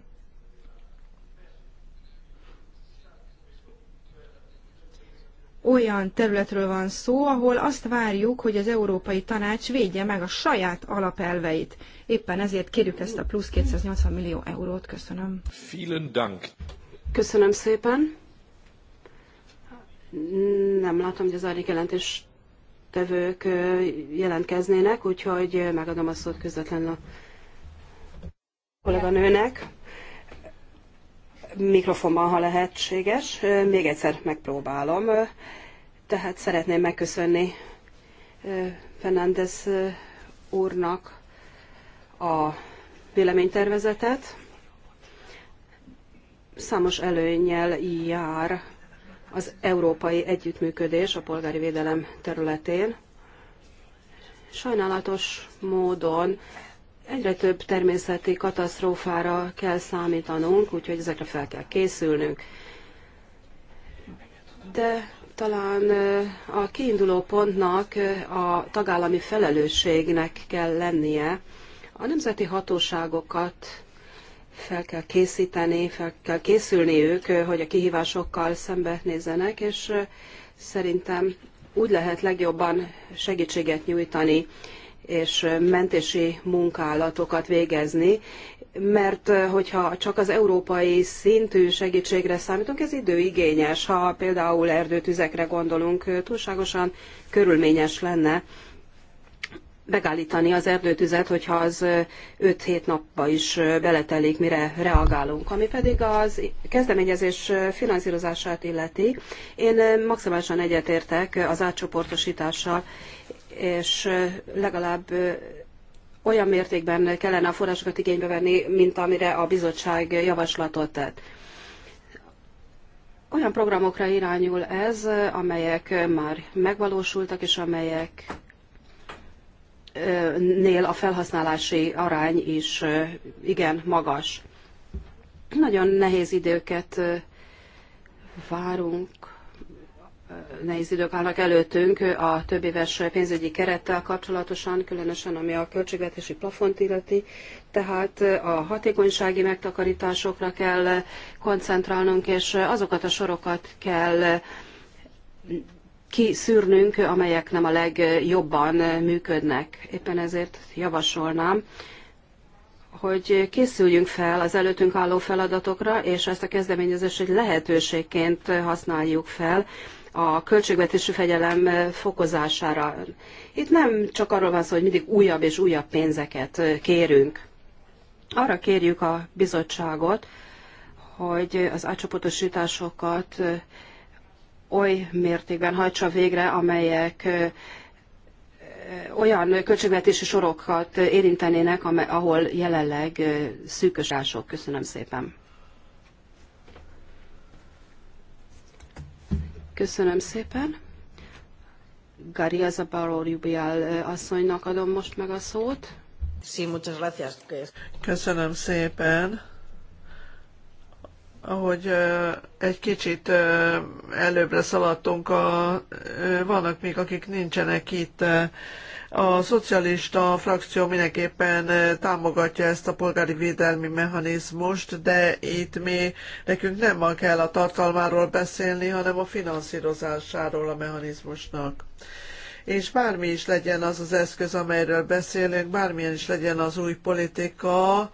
olyan területről van szó, ahol azt várjuk, hogy az Európai Tanács védje meg a saját alapelveit. Éppen ezért kérjük ezt a plusz 280 millió eurót. Köszönöm. Vielen Dank. Köszönöm szépen. Nem látom, hogy az árnyék jelentés résztvevők jelentkeznének, úgyhogy megadom a szót közvetlenül a kolléganőnek. Mikrofonban, ha lehetséges. Még egyszer megpróbálom. Tehát szeretném megköszönni Fernández úrnak a véleménytervezetet. Számos előnyel jár az európai együttműködés a polgári védelem területén. Sajnálatos módon egyre több természeti katasztrófára kell számítanunk, úgyhogy ezekre fel kell készülnünk. De talán a kiinduló pontnak a tagállami felelősségnek kell lennie, a nemzeti hatóságokat fel kell készíteni, fel kell készülni ők, hogy a kihívásokkal szembenézzenek, és szerintem úgy lehet legjobban segítséget nyújtani, és mentési munkálatokat végezni, mert hogyha csak az európai szintű segítségre számítunk, ez időigényes. Ha például erdőtüzekre gondolunk, túlságosan körülményes lenne megállítani az erdőtüzet, hogyha az 5-7 napba is beletelik, mire reagálunk. Ami pedig az kezdeményezés finanszírozását illeti, én maximálisan egyetértek az átcsoportosítással, és legalább olyan mértékben kellene a forrásokat igénybe venni, mint amire a bizottság javaslatot tett. Olyan programokra irányul ez, amelyek már megvalósultak, és amelyek nél a felhasználási arány is igen magas. Nagyon nehéz időket várunk, nehéz idők állnak előttünk a több éves pénzügyi kerettel kapcsolatosan, különösen ami a költségvetési plafont illeti, tehát a hatékonysági megtakarításokra kell koncentrálnunk, és azokat a sorokat kell kiszűrnünk, amelyek nem a legjobban működnek. Éppen ezért javasolnám, hogy készüljünk fel az előttünk álló feladatokra, és ezt a kezdeményezést egy lehetőségként használjuk fel a költségvetési fegyelem fokozására. Itt nem csak arról van szó, hogy mindig újabb és újabb pénzeket kérünk. Arra kérjük a bizottságot, hogy az átcsoportosításokat oly mértékben hajtsa végre, amelyek olyan költségvetési sorokat érintenének, ahol jelenleg szűkösások. Köszönöm szépen. Köszönöm szépen. Garia Azabaró Rubial asszonynak adom most meg a szót. Köszönöm szépen ahogy egy kicsit előbbre szaladtunk, a, vannak még, akik nincsenek itt. A szocialista frakció mindenképpen támogatja ezt a polgári védelmi mechanizmust, de itt mi nekünk nem ma kell a tartalmáról beszélni, hanem a finanszírozásáról a mechanizmusnak és bármi is legyen az az eszköz, amelyről beszélünk, bármilyen is legyen az új politika,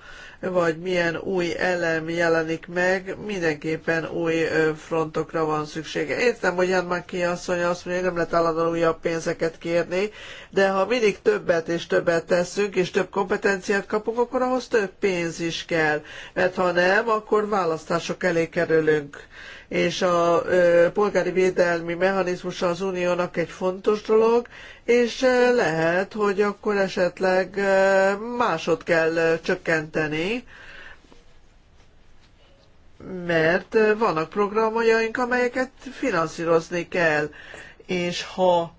vagy milyen új elem jelenik meg, mindenképpen új frontokra van szüksége. Értem, hogy Jan Maki asszony azt mondja, hogy nem lehet állandóan újabb pénzeket kérni, de ha mindig többet és többet teszünk, és több kompetenciát kapunk, akkor ahhoz több pénz is kell, mert ha nem, akkor választások elé kerülünk és a polgári védelmi mechanizmus az uniónak egy fontos dolog, és eh, lehet, hogy akkor esetleg eh, másot kell eh, csökkenteni, mert vannak programjaink, amelyeket finanszírozni kell, és ha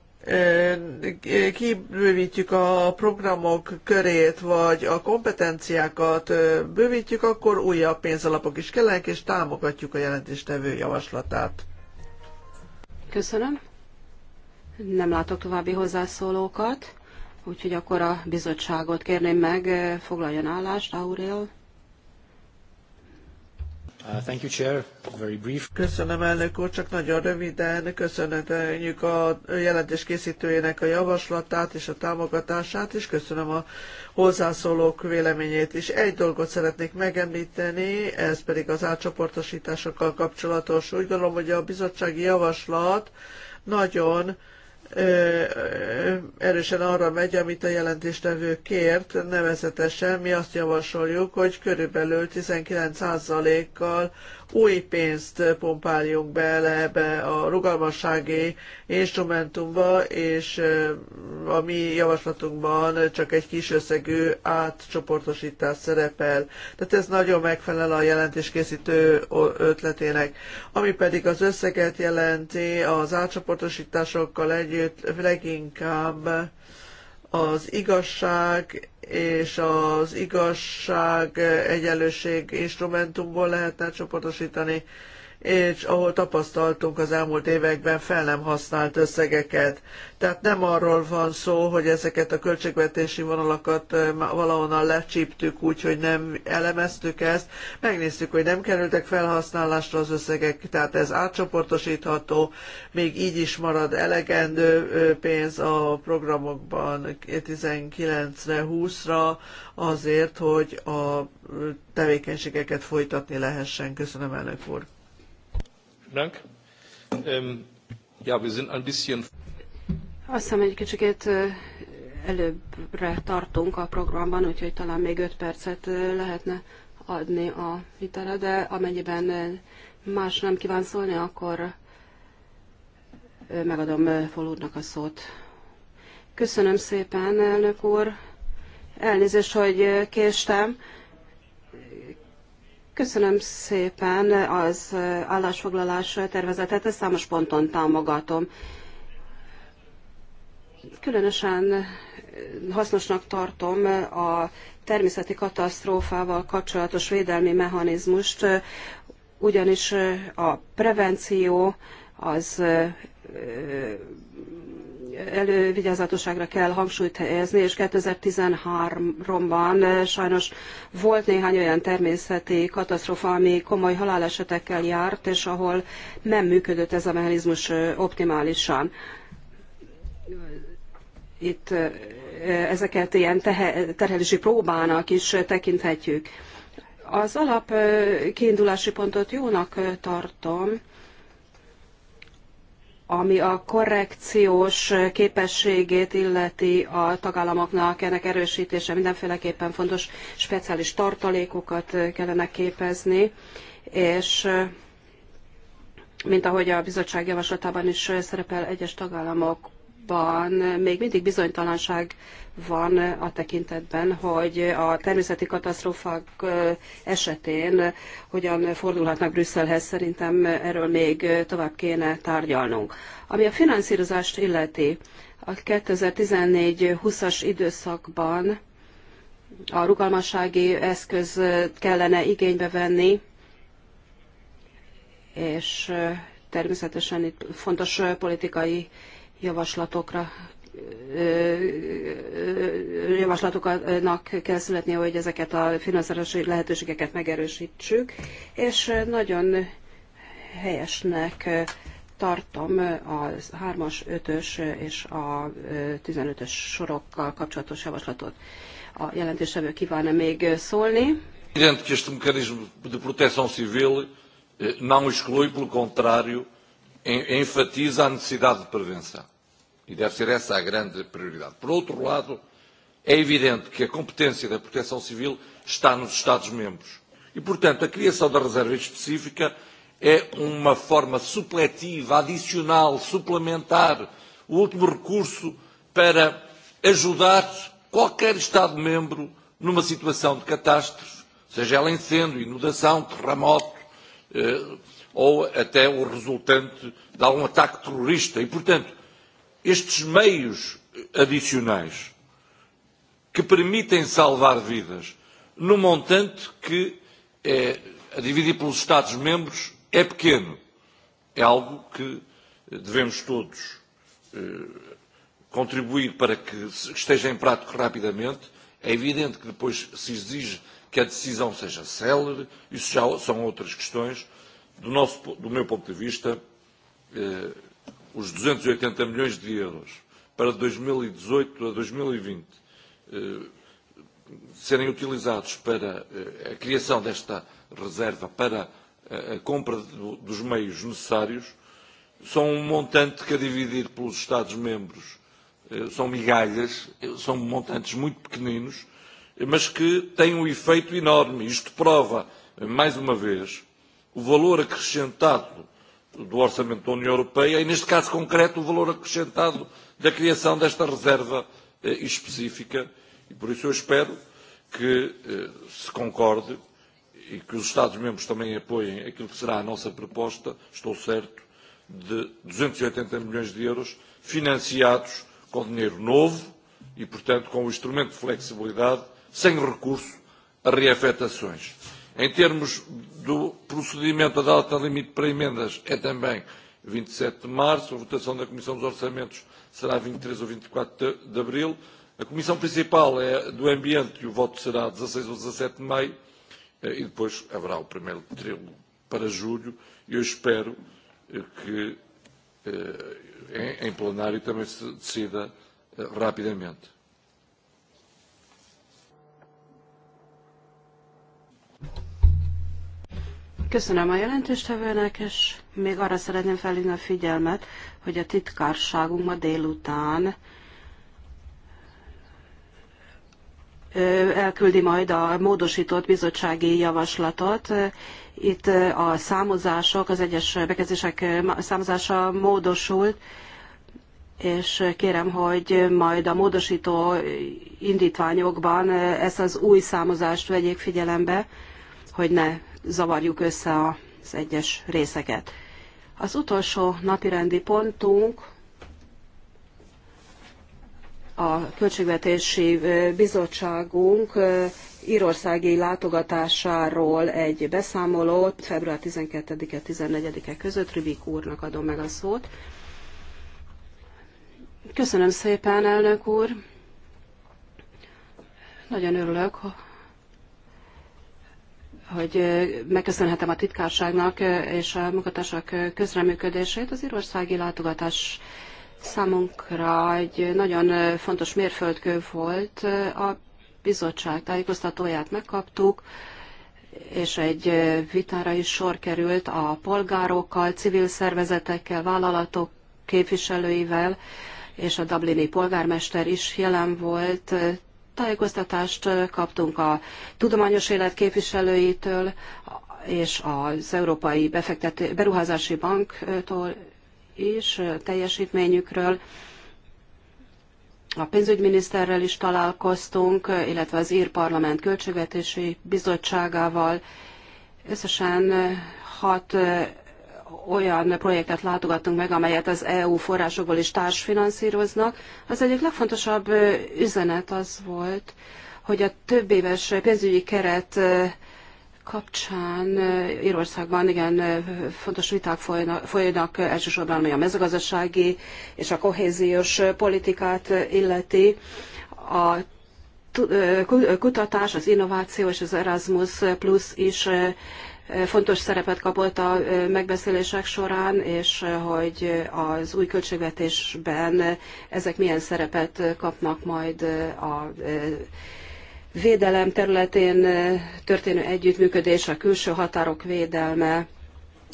kibővítjük a programok körét, vagy a kompetenciákat bővítjük, akkor újabb pénzalapok is kellenek, és támogatjuk a jelentéstevő javaslatát. Köszönöm. Nem látok további hozzászólókat, úgyhogy akkor a bizottságot kérném meg, eh, foglaljon állást, Aurél. Uh, thank you, Chair. Very brief. Köszönöm, elnök úr, csak nagyon röviden köszönjük a jelentés készítőjének a javaslatát és a támogatását, és köszönöm a hozzászólók véleményét is. Egy dolgot szeretnék megemlíteni, ez pedig az átcsoportosításokkal kapcsolatos. Úgy gondolom, hogy a bizottsági javaslat nagyon erősen arra megy, amit a jelentéstevő kért, nevezetesen mi azt javasoljuk, hogy körülbelül 19%-kal új pénzt pompáljunk bele ebbe a rugalmassági instrumentumba, és a mi javaslatunkban csak egy kis összegű átcsoportosítás szerepel. Tehát ez nagyon megfelel a jelentéskészítő ötletének. Ami pedig az összeget jelenti, az átcsoportosításokkal együtt leginkább az igazság és az igazság egyenlőség instrumentumból lehetne csoportosítani és ahol tapasztaltunk az elmúlt években fel nem használt összegeket. Tehát nem arról van szó, hogy ezeket a költségvetési vonalakat valahonnan lecsíptük úgy, hogy nem elemeztük ezt. Megnéztük, hogy nem kerültek felhasználásra az összegek, tehát ez átcsoportosítható, még így is marad elegendő pénz a programokban 19-re, 20-ra azért, hogy a tevékenységeket folytatni lehessen. Köszönöm, elnök úr. Dank. Ähm, ja, wir sind ein bisschen... hiszem, egy kicsikét előbbre tartunk a programban, úgyhogy talán még 5 percet lehetne adni a vitára, de amennyiben más nem kíván szólni, akkor megadom Folúrnak a szót. Köszönöm szépen, elnök úr. Elnézést, hogy késtem. Köszönöm szépen az állásfoglalás tervezetet, ezt számos ponton támogatom. Különösen hasznosnak tartom a természeti katasztrófával kapcsolatos védelmi mechanizmust, ugyanis a prevenció az elővigyázatosságra kell hangsúlyt helyezni, és 2013-ban eh, sajnos volt néhány olyan természeti katasztrofa, ami komoly halálesetekkel járt, és ahol nem működött ez a mechanizmus eh, optimálisan. Itt eh, ezeket ilyen terhelési próbának is tekinthetjük. Az alap kiindulási pontot jónak tartom, ami a korrekciós képességét illeti a tagállamoknak, ennek erősítése mindenféleképpen fontos, speciális tartalékokat kellene képezni, és mint ahogy a bizottság javaslatában is szerepel, egyes tagállamok ban még mindig bizonytalanság van a tekintetben, hogy a természeti katasztrófák esetén hogyan fordulhatnak Brüsszelhez, szerintem erről még tovább kéne tárgyalnunk. Ami a finanszírozást illeti, a 2014-20-as időszakban a rugalmassági eszköz kellene igénybe venni, és természetesen itt fontos politikai javaslatokra javaslatoknak kell születni, hogy ezeket a finanszírozási lehetőségeket megerősítsük, és nagyon helyesnek tartom a 3-as, 5-ös és a 15-ös sorokkal kapcsolatos javaslatot. A jelentésevő kívánna még szólni. Evidente que este mecanismo de proteção civil eh, não exclui, pelo contrário, enfatiza a necessidade de prevenção. E deve ser essa a grande prioridade. Por outro lado, é evidente que a competência da proteção civil está nos Estados-membros. E, portanto, a criação da reserva específica é uma forma supletiva, adicional, suplementar, o último recurso para ajudar qualquer Estado-membro numa situação de catástrofe, seja ela incêndio, inundação, terremoto eh, ou até o resultante de algum ataque terrorista. E, portanto, estes meios adicionais que permitem salvar vidas no montante que é a dividir pelos Estados-membros é pequeno. É algo que devemos todos eh, contribuir para que esteja em prática rapidamente. É evidente que depois se exige que a decisão seja célere, isso já são outras questões. Do, nosso, do meu ponto de vista, eh, os 280 e milhões de euros para 2018 e a 2020 e eh, serem utilizados para eh, a criação desta reserva para eh, a compra dos meios necessários são um montante que a dividir pelos Estados-membros são migalhas, são montantes muito pequeninos, mas que têm um efeito enorme. Isto prova, mais uma vez, o valor acrescentado do orçamento da União Europeia e, neste caso concreto, o valor acrescentado da criação desta reserva eh, específica. E por isso eu espero que eh, se concorde e que os Estados-membros também apoiem aquilo que será a nossa proposta, estou certo, de 280 e milhões de euros financiados com dinheiro novo e, portanto, com o instrumento de flexibilidade, sem recurso a reafetações. Em termos do procedimento a data limite para emendas, é também 27 e de março, a votação da Comissão dos Orçamentos será 23 e ou 24 e de, de abril, a Comissão Principal é do Ambiente e o voto será 16 ou 17 de maio, eh, e depois haverá o primeiro trílogo para julho, e eu espero eh, que eh, em plenário também se decida rapidamente. Köszönöm a jelentéstevőnek, és még arra szeretném felhívni a figyelmet, hogy a titkárságunk ma délután elküldi majd a módosított bizottsági javaslatot. Itt a számozások, az egyes bekezdések számozása módosult, és kérem, hogy majd a módosító indítványokban ezt az új számozást vegyék figyelembe, hogy ne zavarjuk össze az egyes részeket. Az utolsó napirendi pontunk a Költségvetési Bizottságunk írországi látogatásáról egy beszámolót február 12-e 14-e között Rübik úrnak adom meg a szót. Köszönöm szépen, elnök úr! Nagyon örülök, hogy megköszönhetem a titkárságnak és a munkatársak közreműködését. Az írországi látogatás számunkra egy nagyon fontos mérföldkő volt. A bizottság tájékoztatóját megkaptuk, és egy vitára is sor került a polgárokkal, civil szervezetekkel, vállalatok képviselőivel, és a dublini polgármester is jelen volt, tájékoztatást kaptunk a tudományos élet képviselőitől, és az Európai Befektető, Beruházási Banktól is teljesítményükről. A pénzügyminiszterrel is találkoztunk, illetve az Ír Parlament Költségvetési Bizottságával. Összesen hat olyan projektet látogattunk meg, amelyet az EU forrásokból is társfinanszíroznak. Az egyik legfontosabb üzenet az volt, hogy a több éves pénzügyi keret kapcsán Írországban igen fontos viták folynak, folynak elsősorban, ami a mezőgazdasági és a kohéziós politikát illeti. A kutatás, az innováció és az Erasmus Plus is fontos szerepet kapott a megbeszélések során, és hogy az új költségvetésben ezek milyen szerepet kapnak majd a védelem területén történő együttműködés, a külső határok védelme.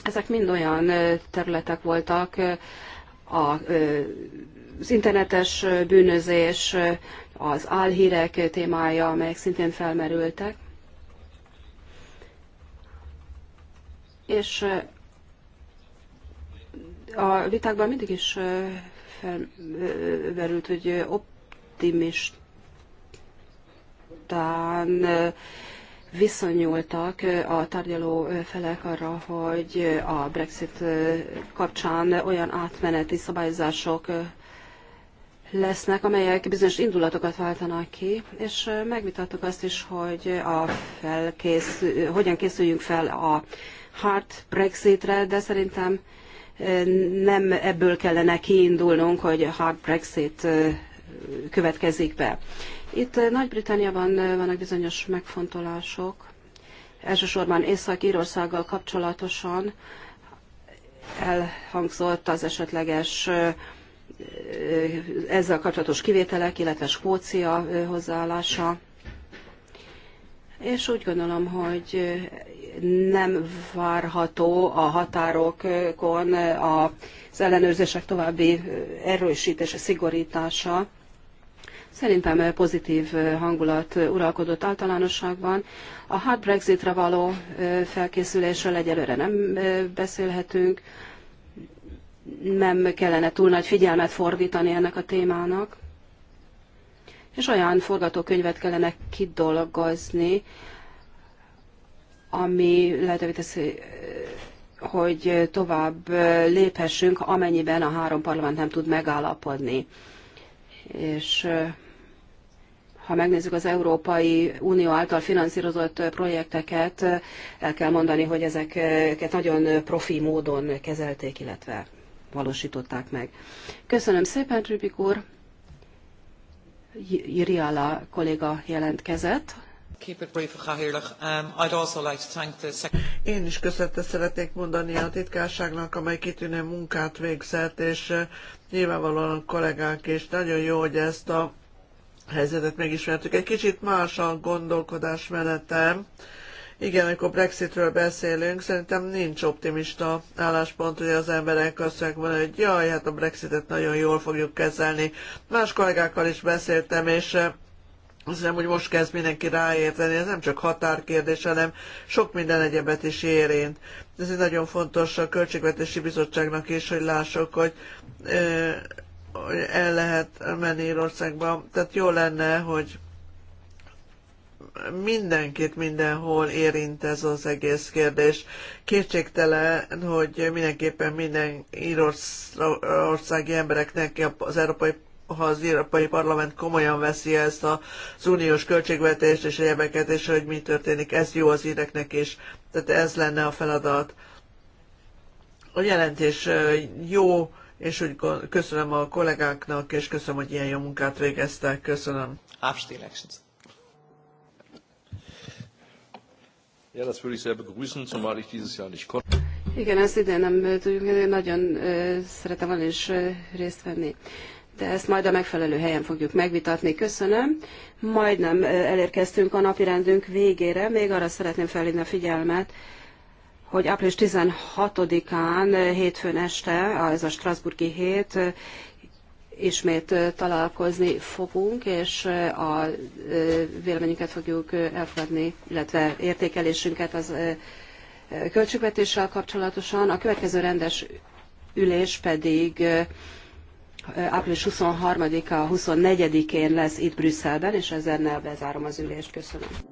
Ezek mind olyan területek voltak, a, az internetes bűnözés, az álhírek témája, amelyek szintén felmerültek. és a vitákban mindig is felmerült, hogy optimistán viszonyultak a tárgyaló felek arra, hogy a Brexit kapcsán olyan átmeneti szabályozások lesznek, amelyek bizonyos indulatokat váltanak ki, és megvitattuk azt is, hogy a felkész, hogyan készüljünk fel a hard Brexitre, de szerintem nem ebből kellene kiindulnunk, hogy hard Brexit következik be. Itt Nagy-Britanniában vannak bizonyos megfontolások, elsősorban Észak-Írországgal kapcsolatosan elhangzott az esetleges ezzel kapcsolatos kivételek, illetve Skócia hozzáállása és úgy gondolom, hogy nem várható a határokon az ellenőrzések további erősítése, szigorítása. Szerintem pozitív hangulat uralkodott általánosságban. A hard Brexitre való felkészülésről egyelőre nem beszélhetünk. Nem kellene túl nagy figyelmet fordítani ennek a témának és olyan forgatókönyvet kellene kidolgozni, ami lehetővé teszi, hogy tovább léphessünk, amennyiben a három parlament nem tud megállapodni. És ha megnézzük az Európai Unió által finanszírozott projekteket, el kell mondani, hogy ezeket nagyon profi módon kezelték, illetve valósították meg. Köszönöm szépen, Trübik úr! Iriala kolléga jelentkezett. Én is köszönetet szeretnék mondani a titkárságnak, amely kitűnő munkát végzett, és nyilvánvalóan a kollégák is nagyon jó, hogy ezt a helyzetet megismertük. Egy kicsit más a gondolkodás menetem igen, amikor Brexitről beszélünk, szerintem nincs optimista álláspont, hogy az emberek azt mondják, hogy jaj, hát a Brexitet nagyon jól fogjuk kezelni. Más kollégákkal is beszéltem, és eh, azt hiszem, hogy most kezd mindenki ráérteni, ez nem csak határkérdés, hanem sok minden egyebet is érint. Ez nagyon fontos a Költségvetési Bizottságnak is, hogy lássuk, hogy eh, el lehet menni Írországba. Tehát jó lenne, hogy mindenkit mindenhol érint ez az egész kérdés. Kétségtelen, hogy mindenképpen minden írországi embereknek az európai ha az Európai Parlament komolyan veszi ezt az uniós költségvetést és egyebeket, és hogy mi történik, ez jó az íreknek is. Tehát ez lenne a feladat. A jelentés jó, és úgy köszönöm a kollégáknak, és köszönöm, hogy ilyen jó munkát végeztek. Köszönöm. Abstill actions. Ja, das würde ich sehr begrüßen, zumal ich dieses Jahr nicht konnte. Igen, ezt idén nem tudjuk, nagyon szeretem volna is részt venni. De ezt majd a megfelelő helyen fogjuk megvitatni. Köszönöm. Majdnem elérkeztünk a napirendünk végére. Még arra szeretném felhívni a figyelmet, hogy április 16-án hétfőn este, ez a Strasburgi hét, ismét találkozni fogunk, és a véleményünket fogjuk elfogadni, illetve értékelésünket az költségvetéssel kapcsolatosan. A következő rendes ülés pedig április 23-a, 24-én lesz itt Brüsszelben, és ezzel bezárom az ülést. Köszönöm.